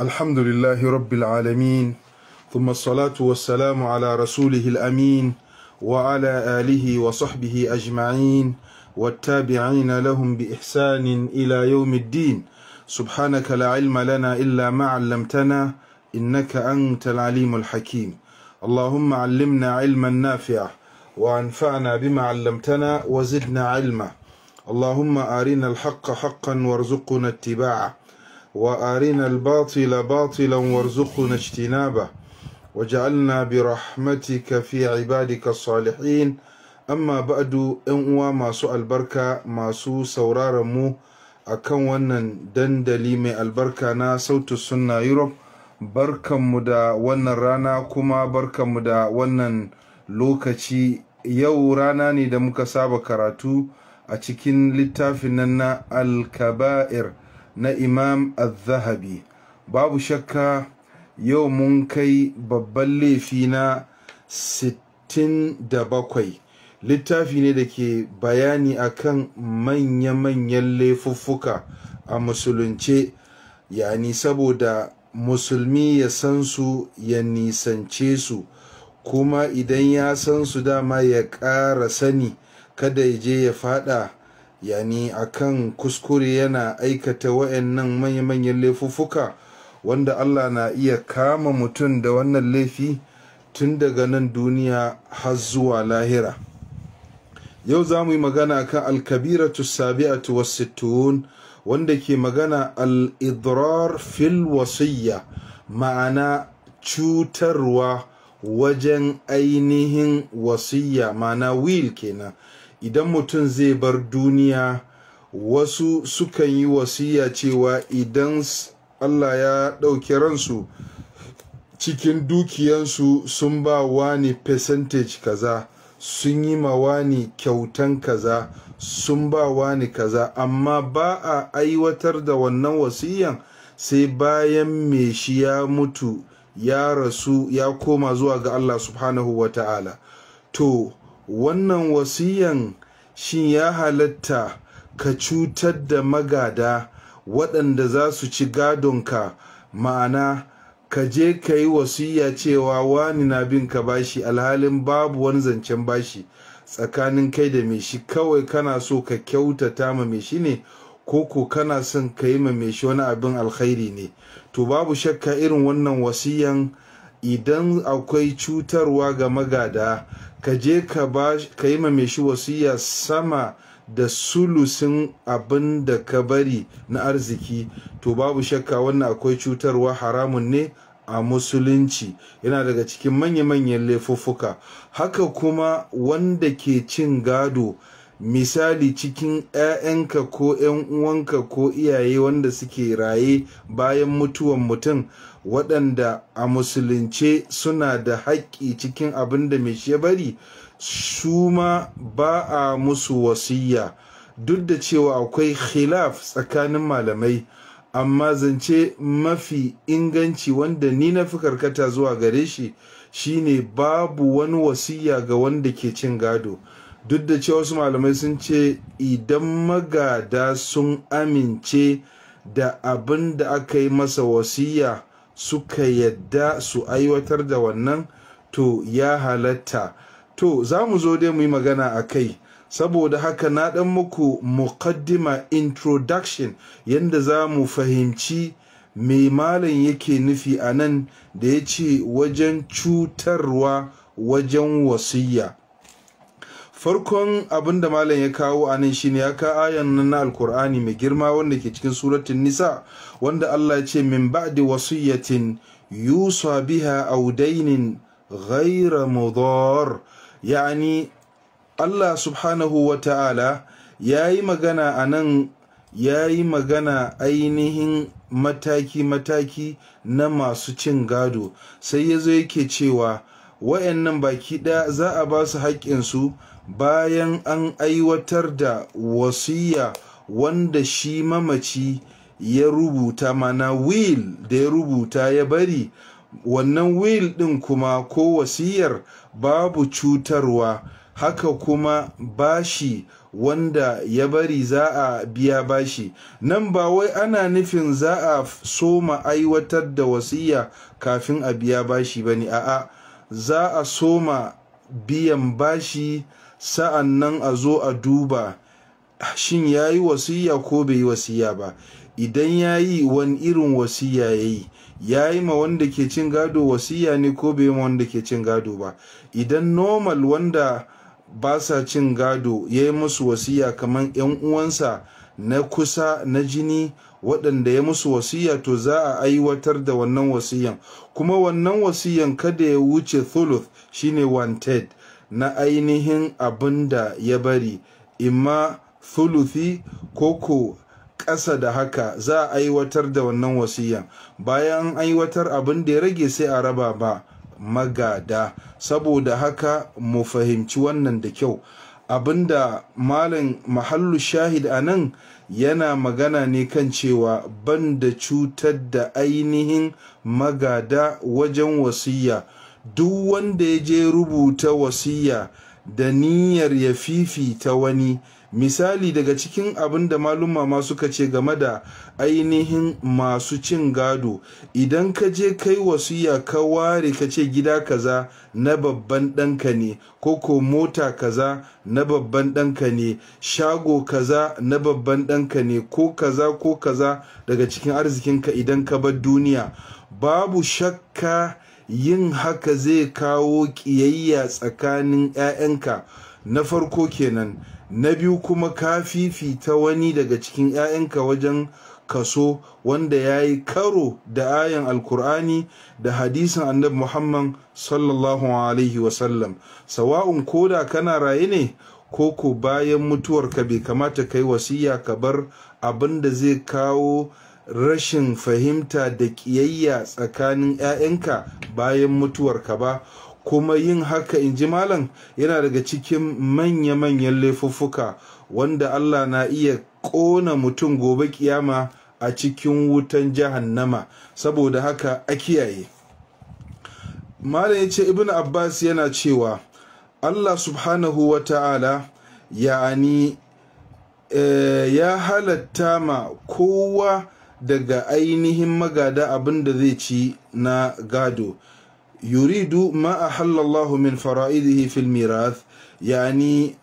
الحمد لله رب العالمين ثم الصلاة والسلام على رسوله الأمين وعلى آله وصحبه أجمعين والتابعين لهم بإحسان إلى يوم الدين سبحانك لا علم لنا إلا ما علمتنا إنك أنت العليم الحكيم اللهم علمنا علما نافعا وأنفعنا بما علمتنا وزدنا علما اللهم أرنا الحق حقا وارزقنا اتباعه وارنا الباطل باطلا وارزقنا اجتنابه وجعلنا برحمتك في عبادك الصالحين amma ba'adu yan uwa masu albarka masu sauraron mu a kan wannan dandali mai albarka na sautu sunna europe barkanmu da wannan rana kuma mu da wannan lokaci yau rana ne da muka saba karatu a cikin littafin nan na alkaba'ir na imam al-zahabi babu shakka yau mun kai babban laifi na 67 littafi ne da ke bayani akan manya-manyan laifuffuka a musulunce yani saboda musulmi ya san su ya nisance su kuma idan ya san su dama ya ƙara sani kada ya je ya fada yani akan kuskure yana aikata wa'annan manya-manyan laifuffuka wanda Allah na iya kama mutum da wannan laifi tun daga nan duniya har zuwa lahira yau za mu yi magana kan alkabiratu sabi'atu wasittun wanda ke magana al’idrar fil wasiyya ma'ana cutarwa wajen ainihin wasiyya ma'ana wil kenan idan mutum zai bar duniya wasu sukan yi wasiya cewa idan Allah ya ɗauki ransu cikin dukiyansu sun ba wani percentage kaza sun yi ma wani kyautan kaza sun ba wani kaza amma ba a aiwatar da wannan wasiyan sai bayan me shi ya mutu ya rasu ya koma zuwa ga Allah subhanahu wa ta'ala to wannan wasiyan shi ya halatta ka cutar da magada waɗanda za su ci gadonka ma'ana ka je ka yi wasiya cewa wani na bin ka bashi alhalin babu wani zancen bashi tsakanin kai da mai shi kawai kana so ka kyautata ma mai shi ne ko koko kana son ka yi ma mai shi wani abin alkhairi ne to babu shakka irin wannan wasiyan idan akwai cutarwa ga magada ka je ka yi mai shi wasiya sama da sulusin abin da ka bari na arziki to babu shakka wannan akwai cutarwa haramun ne a musulunci yana daga cikin manya-manyan laifuffuka haka kuma wanda ke cin gado misali cikin 'ya'yanka ko 'yan uwanka ko iyaye wanda suke raye bayan mutuwan mutum waɗanda a musulunce suna da haƙƙi cikin abin da mai ya bari su ma ba a musu wasiyya duk da cewa akwai khilaf tsakanin malamai amma zance mafi inganci wanda ni na fi karkata zuwa gare shi shine babu wani wasiyya ga wanda ke cin gado duk da cewa wasu malamai sun ce idan magada sun amince da abin da aka yi masa wasiyya. suka yadda su aiwatar da wannan to ya halatta to za mu zo dai mu yi magana a kai saboda haka na ɗan muku mukaddima introduction yadda za mu fahimci mai malam yake nufi a nan da ya ce wajen cutarwa wajen wasiyya farkon abin da malam ya kawo a nan shine ya ka ayan na alkur'ani mai girma wanda ke cikin suratun nisa wanda allah ya ce min ba'di wasiyatin yusa biha audainin ghaira mudar yani allah subhanahu wa ta'ala ya yi magana a nan ya yi magana ainihin mataki-mataki na masu cin gado sai ya zo yake cewa wayannan baki ɗaya za a ba su haƙƙinsu bayan an aiwatar da wasiya wanda shi mamaci ya rubuta mana wil da ya rubuta ya bari wannan wil din kuma ko wasiyar babu cutarwa haka kuma bashi wanda ya bari za a biya bashi nan ba wai ana nufin za a soma aiwatar da wasiya kafin a biya bashi ba ne a'a za a soma biyan bashi sa'an nan a zo a duba shin ya yi wasiya ko bai yi wasiya ba idan ya yi wani irin wasiya ya yi ya yi ma wanda ke cin gado wasiya ne ko bai yi ma wanda ke cin gado ba idan normal wanda ba sa cin gado ya yi musu wasiya kamar 'yan uwansa na kusa na jini waɗanda ya musu wasiya to za a aiwatar da wannan wasiyan kuma wannan wasiyan kada ya wuce thuluth shine wanted na ainihin abin da ya bari imma thuluthi koko ƙasa da haka za a aiwatar da wannan wasiyan bayan aiwatar abin da ya rage sai a raba ba magada saboda haka mu fahimci wannan da kyau abinda malam mahallu shahid a nan yana magana ne kan cewa ban da cutar da ainihin magada wajen wasiya duk wanda ya je rubuta wasiya da niyyar ya fifita wani misali daga cikin abin da malumma ma suka ce game da ainihin masu cin gado idan ka je kai wasiya ka ware ka ce gida kaza na babban ɗanka ne ko ko mota kaza na babban ɗanka ne shago kaza na babban ɗanka ne ko kaza ko kaza daga cikin arzikinka idan ka bar duniya babu shakka yin haka zai kawo ƙiyayya tsakanin 'ya'yanka na farko kenan na biyu kuma ka fifita wani daga cikin 'ya'yanka wajen kaso wanda ya yi karo da ayan alkur'ani da hadisin annabi muhammad sallallahu alaihi wasallam sawa'un koda kana raye ne ko ko bayan mutuwarka bai kamata ka yi wasiya ka bar abin da zai kawo rashin fahimta da ƙiyayya tsakanin 'ya'yanka bayan mutuwarka ba kuma yin haka in ji malam yana daga cikin manya-manyan laifuffuka wanda Allah na iya ƙona mutum gobe kiyama a cikin wutan jahannama saboda haka a kiyaye malam ya ce ibn abbas yana cewa Allah subhanahu wa ta'ala e, ya halatta ma kowa daga ainihin magada abin da zai ci na gado yuridu ma a hallallahu min fara'idihi fil mirath yani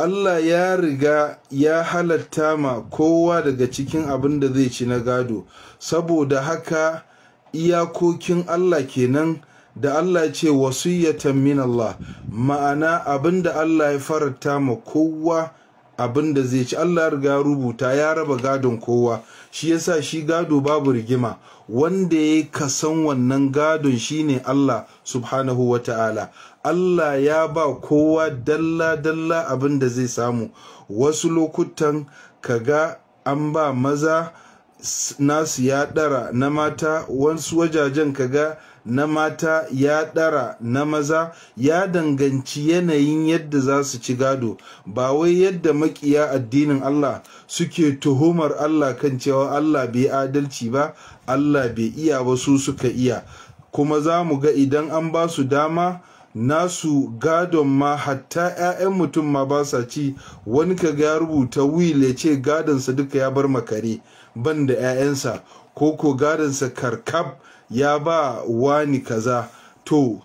Allah ya riga ya halatta ma kowa daga cikin abin da zai ci na gado saboda haka iyakokin Allah kenan da Allah ce wasiyyatan min Allah ma'ana abin da Allah ya faranta ma kowa abin da zai ci Allah riga rubuta ya raba gadon kowa shi yasa shi gado babu rigima wanda ya kasan wannan gadon shine Allah subhanahu wata'ala Allah ya ba kowa dalla dalla abin da zai samu wasu lokutan kaga an ba maza nasu ya dara na mata wasu wajajen kaga na mata ya ɗara na maza ya danganci yanayin yadda za su ci gado ba wai yadda makiya addinin Allah suke tuhumar Allah kan cewa Allah bai adalci ba Allah bai iya ba su suka iya kuma za mu ga idan an ba su dama nasu gadon ma hatta 'ya'yan mutum ma ba sa ci wani kaga ya rubuta wil ya ce gadonsa duka ya bar makare ban da 'ya'yansa ko ko gadonsa karkab ya ba wani kaza to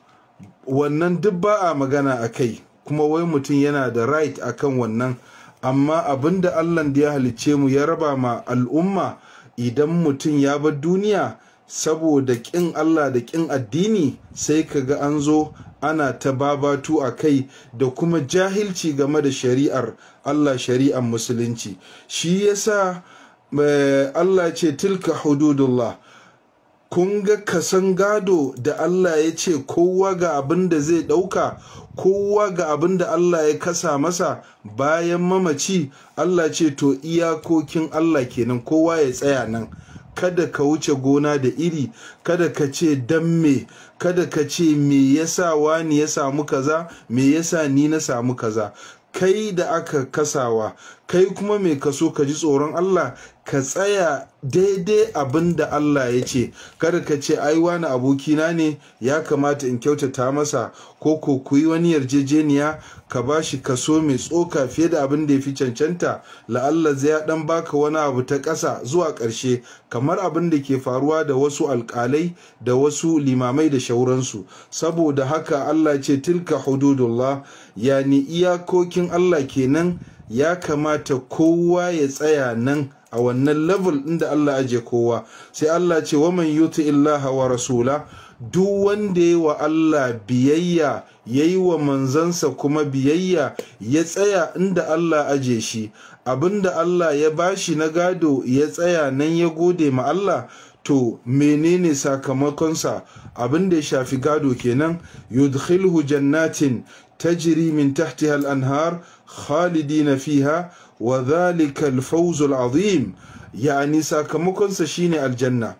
wannan duk ba a magana a kai kuma wai mutum yana da right akan wannan amma abin da allah da ya halicce mu ya raba ma al'umma idan mutum ya bar duniya saboda ƙin allah da ƙin addini sai ka ga an zo ana ta babatu a kai da kuma jahilci game da shari'ar allah shari'ar musulunci shi yasa eh, Allah ce tilka hududullah kun ga kasan gado da Allah ya ce kowa ga abin da zai ɗauka kowa ga abin da Allah ya kasa masa bayan mamaci Allah ce to iyakokin Allah kenan kowa ya tsaya nan kada ka wuce gona da iri kada ka ce dan me kada ka ce me yasa wani ya samu kaza me yasa ni na samu kaza kai da aka kasawa kai kuma mai kaso ka ji tsoron Allah ka tsaya daidai abin da Allah ya ce kada ka ce ai wani abokina ne ya kamata in kyautata masa ko ko ku yi wani yarjejeniya ka ba shi kaso mai tsoka fiye da abin da ya fi cancanta la'alla zai ya dan baka wani abu ta ƙasa zuwa ƙarshe kamar abin da ke faruwa da wasu alkalai da wasu limamai da shauransu saboda haka Allah ce tilka hududullah yani iyakokin Allah kenan ya kamata kowa ya tsaya nan a wannan level ɗin da Allah aje kowa sai Allah ce wa man yuti illaha wa rasula duk wanda ya wa Allah biyayya ya yi wa manzansa kuma biyayya ya tsaya inda Allah aje shi abinda Allah ya bashi na gado ya tsaya nan ya gode ma Allah to menene sakamakonsa abinda ya shafi gado kenan yudkhilhu jannatin tajri min tahtiha al-anhar khalidina fiha wa dhalika alfawzul azim yani sakamakonsa shine aljanna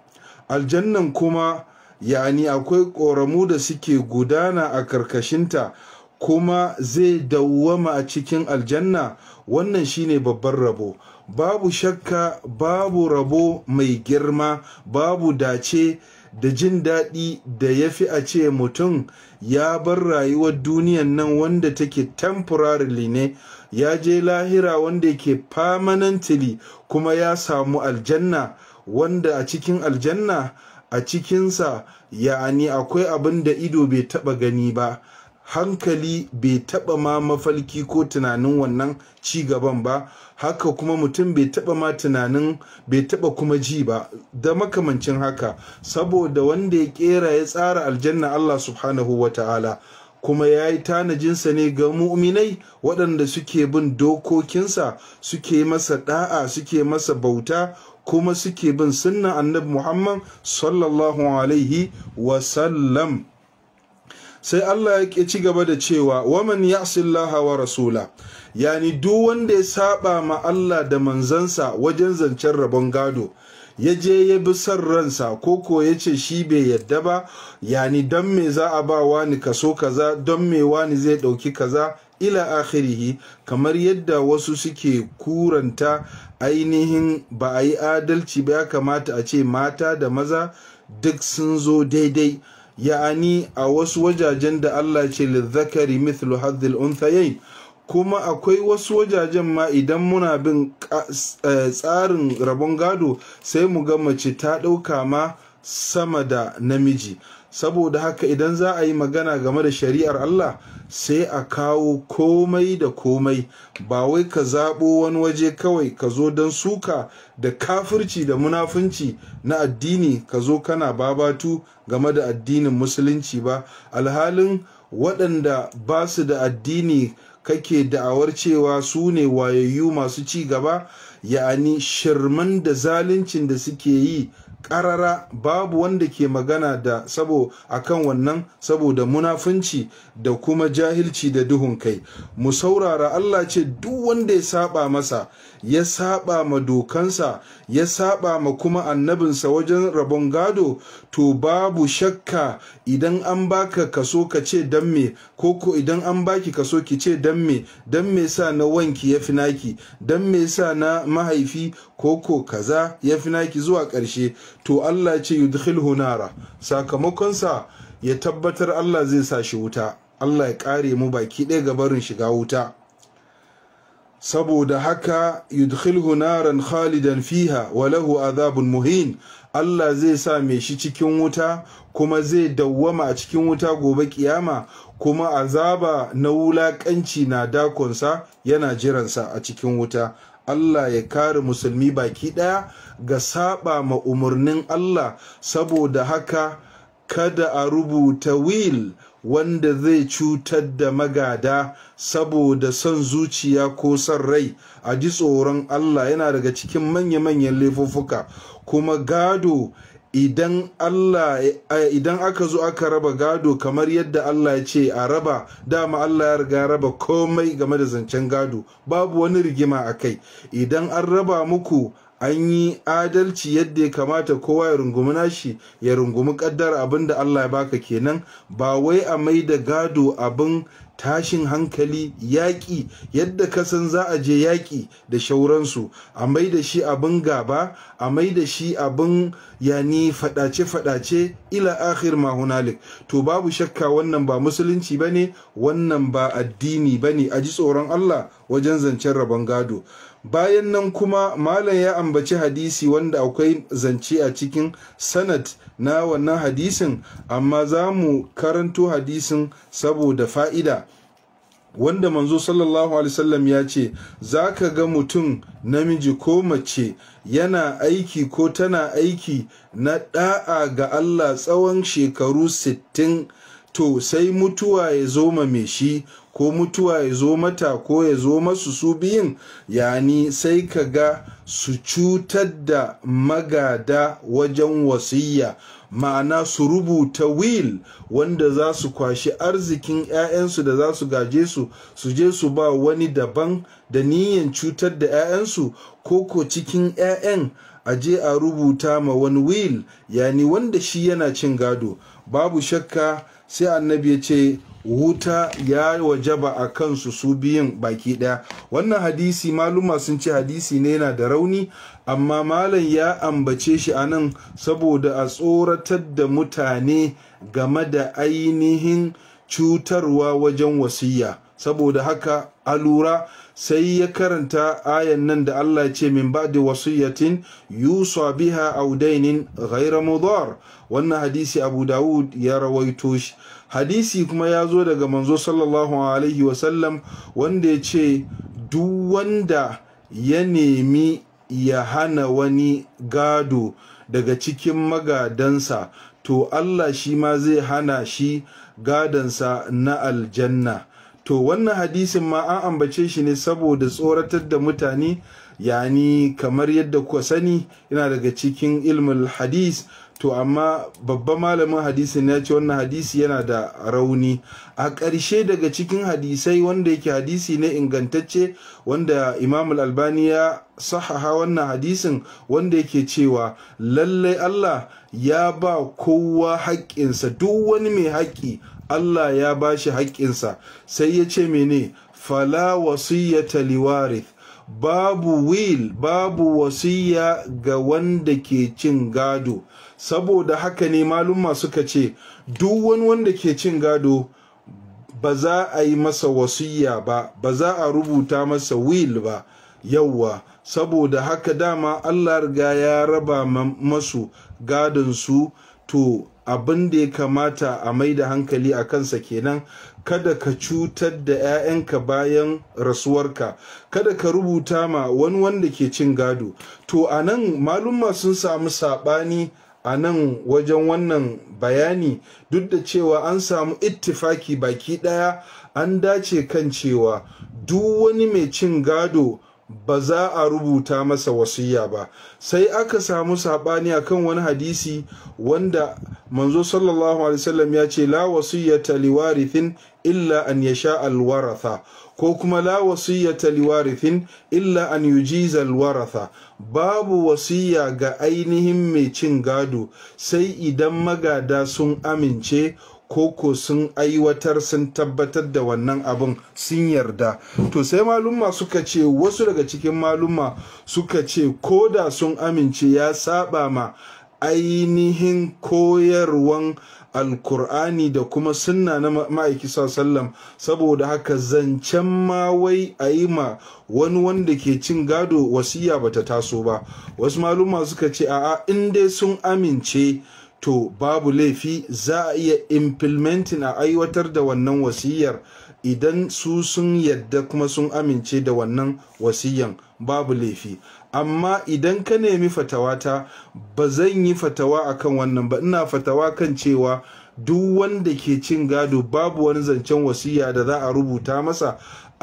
aljannan kuma yani akwai ƙoramu da suke gudana a karkashinta kuma zai dawwama a cikin aljanna wannan shine babban rabo babu shakka babu rabo mai girma babu dace da jin daɗi da ya fi a ce mutum ya bar rayuwar duniyan nan wanda take temporarily ne ya je lahira wanda yake permanently kuma ya samu aljanna wanda a cikin aljanna a cikinsa ya'ani akwai abin da ido bai taba gani ba hankali bai taba ma mafalki ko tunanin wannan ci gaban ba haka kuma mutum bai taba ma tunanin bai taba kuma ji ba da makamancin haka saboda wanda ya kera ya tsara aljanna Allah subhanahu wa ta'ala kuma ya yi tanajinsa ne ga mu'minai waɗanda suke bin dokokinsa suke masa ɗa'a suke masa bauta kuma suke bin sunna annabi muhammad sallallahu alaihi wasallam sai allah ya ci gaba da cewa waman ya'sillaha wa rasula yani duk wanda ya saba ma allah da manzansa wajen zancen rabon gado ya je ya bi son ransa ko ko ya ce shi bai yadda ba yani don me za a ba wani kaso kaza don me wani zai ɗauki kaza ila akhirihi kamar yadda wasu suke kuranta ainihin ba a yi adalci ba ya kamata a ce mata da maza duk sun zo daidai ya'ani a wasu wajajen da Allah ce lizzakari mithlu hadhil unthayain kuma akwai wasu wajajen ma idan muna bin eh, tsarin rabon gado sai mu ga mace ta ɗauka ma sama da namiji saboda haka idan za a yi magana game da shari'ar Allah sai a kawo komai da komai ba wai ka zaɓo wani waje kawai ka zo don suka da kafirci da munafunci na addini ka zo kana babatu game da addinin musulunci ba alhalin waɗanda ba su da addini kake da'awar cewa su ne wayayyu masu ci gaba ya'ani shirman da zaluncin da suke yi ƙarara babu wanda ke magana da sabo akan wannan saboda munafunci da kuma jahilci da duhun kai mu saurara Allah ce duk wanda ya saba masa ya saba ma dokansa ya saba ma kuma annabinsa wajen rabon gado to babu shakka idan an baka kaso ka ce dan me ko ko idan an baki kaso ki ce dan me dan me sa na wanki ya fi naki dan me sa na mahaifi ko ko kaza ya fi naki zuwa ƙarshe to Allah ce yudkhilhu nara sakamakonsa ya tabbatar Allah zai sa shi wuta Allah ya kare mu baki ɗaya barin shiga wuta saboda haka yudkhilhu naran khalidan fiha walahu lahu azabun muhin Allah zai sa mai shi cikin wuta kuma zai dawwama a cikin wuta gobe kiyama kuma azaba na wulaƙanci na dakonsa yana jiransa a cikin wuta Allah ya kare musulmi baki ɗaya ga saba ma umarnin Allah saboda haka kada a rubuta wil wanda zai cutar da magada saboda son zuciya ko son rai a ji tsoron Allah yana daga cikin manya-manyan laifuffuka kuma gado idan Allah idan aka zo aka raba gado kamar yadda Allah ya ce a raba dama Allah ya riga raba komai game da zancen gado babu wani rigima a kai idan an raba muku an yi adalci yadda ya kamata kowa ya rungumi nashi ya rungumi kaddar abin da Allah ya baka kenan ba wai a mai da gado abin tashin hankali yaƙi yadda ka san za a je yaƙi da shauransu a mai da shi abin gaba a mai da shi abin yani faɗace-faɗace ila akhir ma hunalik to babu shakka wannan ba musulunci ba ne wannan ba addini ba ne a ji tsoron Allah wajen zancen rabon gado bayan nan kuma malam ya ambaci hadisi wanda akwai zance a cikin sanad na wannan hadisin amma za mu karanto hadisin saboda fa'ida wanda manzo sallallahu wasallam ya ce za ka ga mutum namiji ko mace yana aiki ko tana aiki na da'a ga Allah tsawon shekaru sittin to sai mutuwa ya zo mai shi ko mutuwa ya zo mata ko ya zo masu su biyun yani sai ka ga su cutar da magada wajen wasiyya ma'ana su rubuta wil wanda za su kwashi arzikin 'ya'yansu da za su gaje su su je su ba wani daban da niyan cutar da 'ya'yansu ko ko cikin 'ya'yan a je a rubuta ma wani wil yani wanda shi yana cin gado babu shakka sai annabi ya ce wuta ya wajaba a kansu su biyun baki daya wannan hadisi maluma sun ce hadisi ne yana da rauni amma malam ya ambace shi a nan saboda a tsoratar da mutane game da ainihin cutarwa wajen wasiya saboda haka a lura sai ya karanta ayan nan da Allah ce min ba da wasiyatin yusa biha audainin ghayra mudar wannan hadisi Abu Dawud ya rawaito shi hadisi kuma ya zo daga manzo sallallahu alaihi wasallam wanda ya ce duk wanda ya nemi ya hana wani gado daga cikin magadansa to Allah shi ma zai hana shi gadansa na aljanna to wannan hadisin ma an ambace shi ne saboda tsoratar da mutane yani kamar yadda kuka sani yana daga cikin ilmul hadis to amma babban malamin hadisin ya ce wannan hadisi yana da rauni a ƙarshe daga cikin hadisai wanda yake hadisi ne ingantacce wanda imam albani ya sahaha wannan hadisin wanda yake cewa lallai allah ya ba kowa haƙƙinsa duk wani mai haƙƙi allah ya ba shi haƙƙinsa sai ya ce mene fala wasiyyata liwarith babu wil babu wasiya ga wanda ke cin gado saboda haka ne malumma suka ce duk wani wanda ke cin gado ba za a yi masa wasiyya ba ba za a rubuta masa wil ba yauwa saboda haka dama allah riga ya raba masu gadonsu to abin da ya kamata a mai da hankali a kansa kenan kada ka cutar da 'ya'yanka bayan rasuwarka kada ka rubuta ma wani wanda ke cin gado to a nan malumma sun samu saɓani a nan wajen wannan bayani duk da cewa an samu ittifaki baki ɗaya an dace kan cewa duk wani mai cin gado ba za a rubuta masa wasiya ba sai aka samu saɓani kan wani hadisi wanda manzo sallallahu alaihi wasallam ya ce la wasiyyata liwarithin illa an yasha alwaratha ko kuma la wasiyyata liwarithin illa an yujiza alwaratha babu wasiya ga ainihin mai cin gado sai idan magada sun amince koko sun aiwatar sun tabbatar da wannan abin sun yarda to sai malumma suka ce wasu daga cikin malumma suka ce ko da sun amince ya saba ma ainihin koyarwan alkur'ani da kuma sunna na ma'aiki sallam saboda haka zancen ma wai a yi ma wani wanda ke cin gado wasiya bata taso ba wasu malumma suka ce a'a in dai sun amince to babu laifi za a iya implementing a aiwatar da wannan wasiyar idan su sun yadda kuma sun amince da wannan wasiyan babu laifi amma idan ka nemi fatawata ba zan yi fatawa akan wannan ba ina fatawa kan cewa duk wanda ke cin gado babu wani zancen wasiya da za a rubuta masa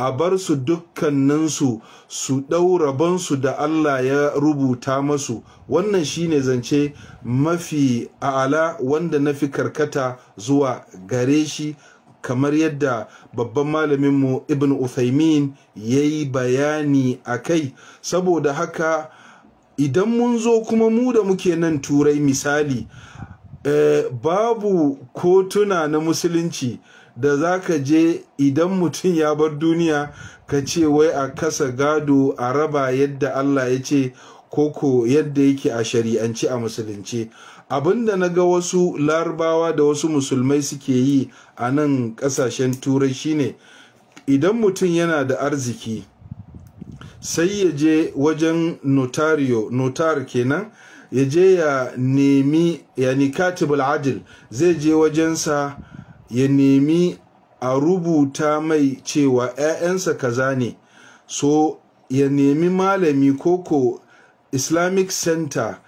a bar su dukkaninsu su ɗau rabonsu da Allah ya rubuta masu wannan shine zance mafi a'ala wanda na fi karkata zuwa gare shi kamar yadda babban malaminmu ibn Uthaymin ya yi bayani a kai saboda haka idan mun zo kuma mu da muke nan turai misali eh, babu kotuna na musulunci da za ka je idan mutum ya bar duniya ka ce wai a kasa gado a raba yadda Allah ya ce koko yadda yake a shari'ance a musulunci abinda na ga wasu larabawa da wasu musulmai suke yi a nan kasashen turai shine idan mutum yana da arziki sai ya je wajen notario notar kenan ya je ya nemi yani katibul adil zai je wajensa ya nemi a rubuta mai cewa 'ya'yansa kaza ne so ya nemi malami koko islamic center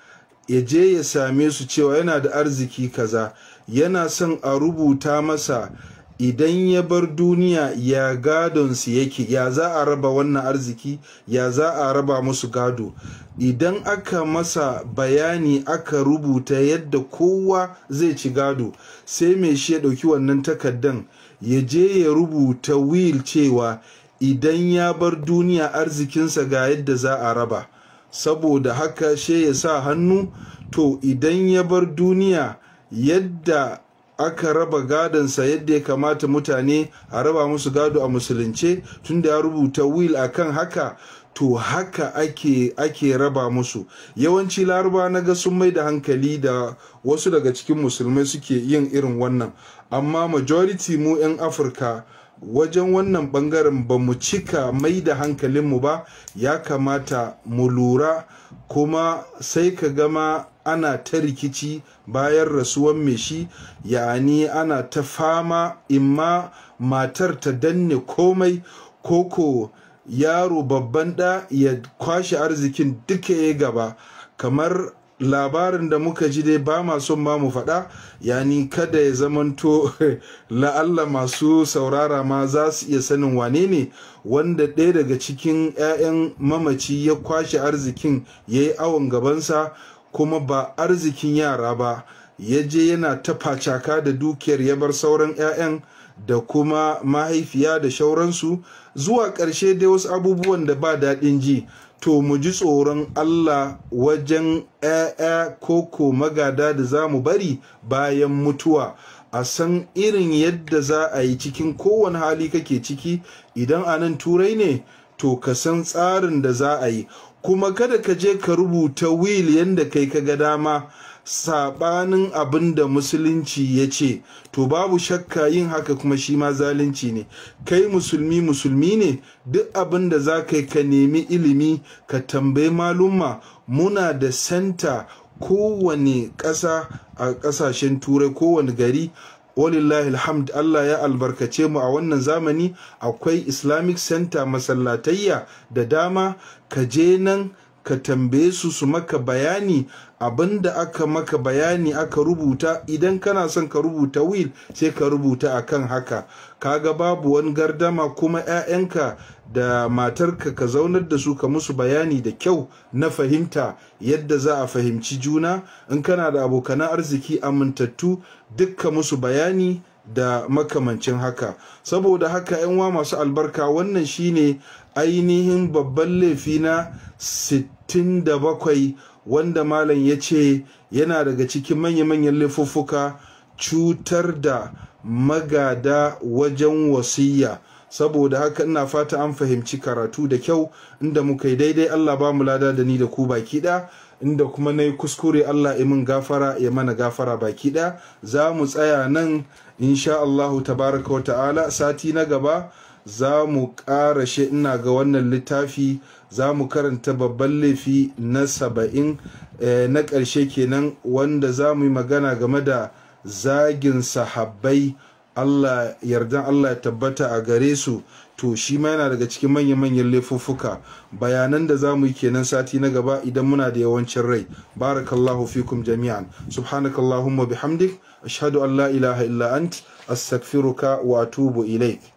ya je ya same su cewa yana da arziki kaza yana son a rubuta masa idan ya bar duniya ya gadonsu yake ya za a raba wannan arziki ya za a raba musu gado idan aka masa bayani aka rubuta yadda kowa zai ci gado sai mai shi ya ɗauki wannan takaddan ya je ya rubuta wil cewa idan ya bar duniya arzikinsa ga yadda za a raba saboda haka shi ya sa hannu to idan ya bar duniya yadda aka raba gadonsa yadda ya kamata mutane a raba musu gado a musulunce tunda ya rubuta wil akan haka to haka ake, ake raba musu yawanci laraba na ga sun mai da hankali da wasu daga cikin musulmai suke yin irin wannan amma majority mu 'yan afirka wajen wannan bangaren ba mu cika mai da hankalinmu ba ya kamata mu lura kuma sai ka gama ana ta rikici bayan rasuwan mai shi yani ana ta fama imma matar ta danne komai koko yaro babban ɗa ya kwashe arzikin duka ya gaba kamar labarin da muka ji dai ba ma son ma mu faɗa yani kada ya zamanto la'alla masu saurara ma za su iya sanin wane ne wanda ɗaya daga cikin 'ya'yan mamaci ya kwashe arzikin ya yi awon gabansa kuma ba arzikin yara ba ya je yana ta facaka da dukiyar ya bar sauran 'ya'yan da kuma mahaifiya da shauransu zuwa ƙarshe dai wasu abubuwan da ba daɗin ji to mu ji tsoron Allah wajen 'ya'ya koko magada da za mu bari bayan mutuwa a san irin yadda za a yi cikin kowane hali kake ciki idan a nan turai ne to ka san tsarin da za a yi kuma kada ka je ka rubuta wil yadda kai ka ga dama sabanin abin da musulunci ya ce to babu shakka yin haka kuma shi ma zalunci ne kai musulmi musulmi ne duk abin da za ka ka nemi ilimi ka tambayi malumma muna da santa kowane ƙasa a ƙasashen turai kowane gari walillahi alhamd Allah ya albarkace mu a wannan zamani akwai islamic center masallatayya da dama ka je nan ka tambaye su su maka bayani abinda aka maka bayani aka rubuta idan kana son ka rubuta wil sai ka rubuta akan haka kaga babu wani gardama kuma 'ya'yanka da matarka ka zaunar da su ka musu bayani da kyau na fahimta yadda za a fahimci juna in kana da abokanan arziki amintattu dukka musu bayani da makamancin haka saboda haka yan wa masu albarka wannan shine ainihin babban laifi na 67 wanda malam ya ce yana daga cikin manya-manyan laifuffuka cutar da magada wajen wasiya saboda haka ina fata an fahimci karatu da kyau inda muka yi daidai allah ba mu lada da ni da ku baki ɗaya inda kuma na yi kuskure Allah imin gafara ya mana gafara baki ɗaya za mu tsaya nan insha Allahu tabaraka wa ta'ala sati na gaba za mu ƙarashe ina ga wannan littafi za mu karanta babban laifi na saba'in eh, na ƙarshe kenan wanda za mu yi magana game da zagin sahabbai Allah yardan Allah ya tabbata a gare su to shi ma yana daga cikin manya-manyan laifuffuka bayanan da za mu yi kenan sati na gaba idan muna da yawancin rai barakallahu fikum jami'an subhanakallahumma bihamdik ashhadu an la ilaha illa ant astaghfiruka wa atubu ilaik